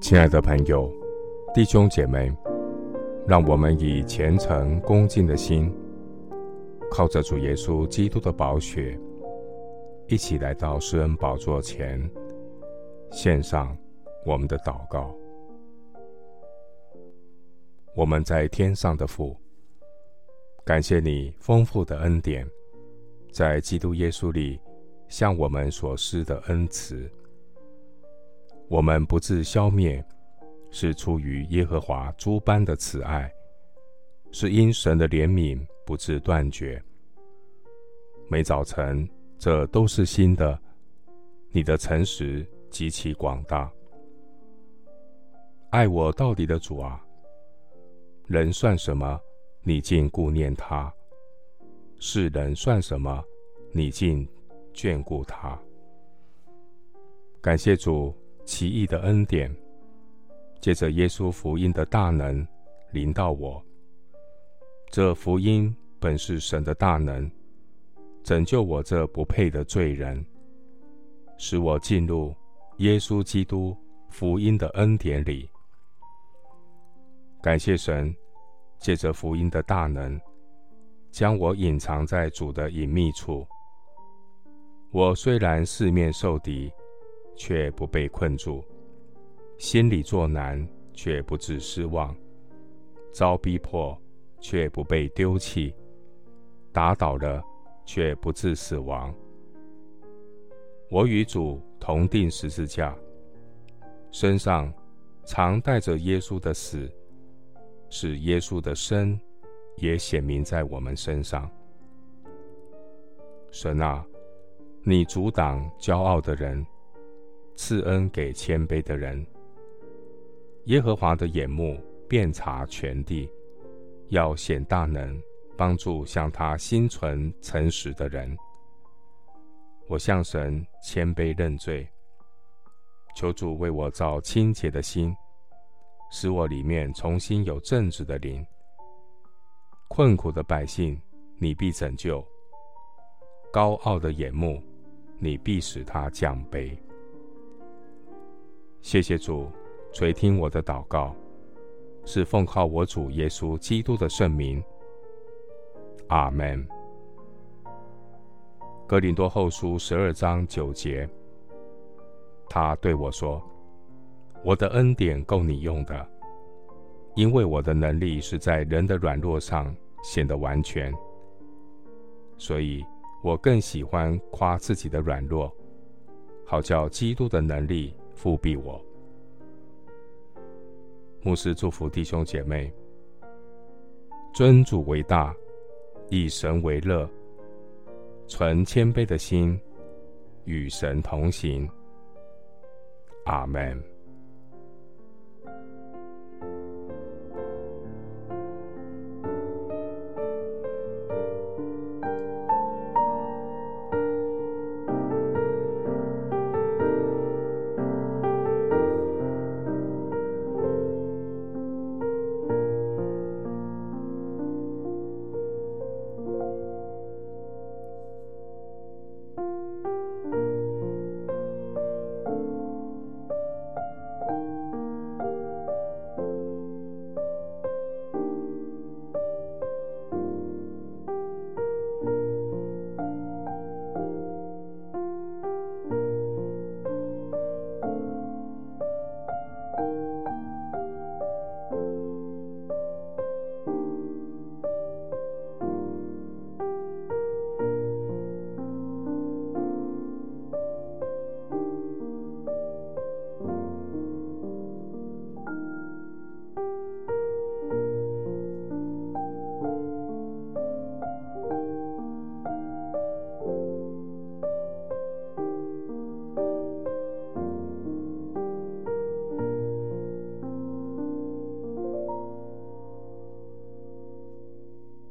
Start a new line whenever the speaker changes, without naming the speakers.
親愛的朋友、弟兄姐妹，讓我們以虔誠恭敬的心，靠着主耶穌基督的寶血，一起來到施恩寶座前，獻上我們的禱告。我們在天上的父，感謝你豐富的恩典，在基督耶穌裡。向我們所施的恩慈，我們不致消滅，是出於耶和華諸般的慈愛，是因神的憐憫不致斷絕。每早晨，這都是新的。你的誠實極其廣大，愛我到底的主啊，人算什麼？你竟顧念他；是人算什麼？你竟，眷顧他，感謝主奇異的恩典，借着耶穌福音的大能臨到我。這福音本是神的大能，拯救我這不配的罪人，使我進入耶穌基督福音的恩典裡。感謝神，借着福音的大能，將我隱藏在主的隱秘處。我雖然四面受敵，卻不被困住；心裡作難，卻不至失望；遭逼迫，卻不被丟棄；打倒了，卻不至死亡。我與主同釘十字架，身上常帶着耶穌的死，使耶穌的生也顯明在我們身上。神啊！你阻擋驕傲的人，賜恩給謙卑的人。耶和華的眼目遍察全地，要顯大能，幫助向他心存誠實的人。我向神謙卑認罪，求主為我造清潔的心，使我裡面重新有正直的靈。困苦的百姓，你必拯救；高傲的眼目。你必使他降卑。謝謝主，垂聽我的禱告，是奉靠我主耶穌基督的聖名。阿門。哥林多後書十二章九節，他對我說：“我的恩典夠你用的，因為我的能力是在人的軟弱上顯得完全。”所以，我更喜歡誇自己的軟弱，好叫基督的能力覆庇我。牧師祝福弟兄姐妹：尊主為大，以神為樂，存謙卑的心，與神同行。阿門。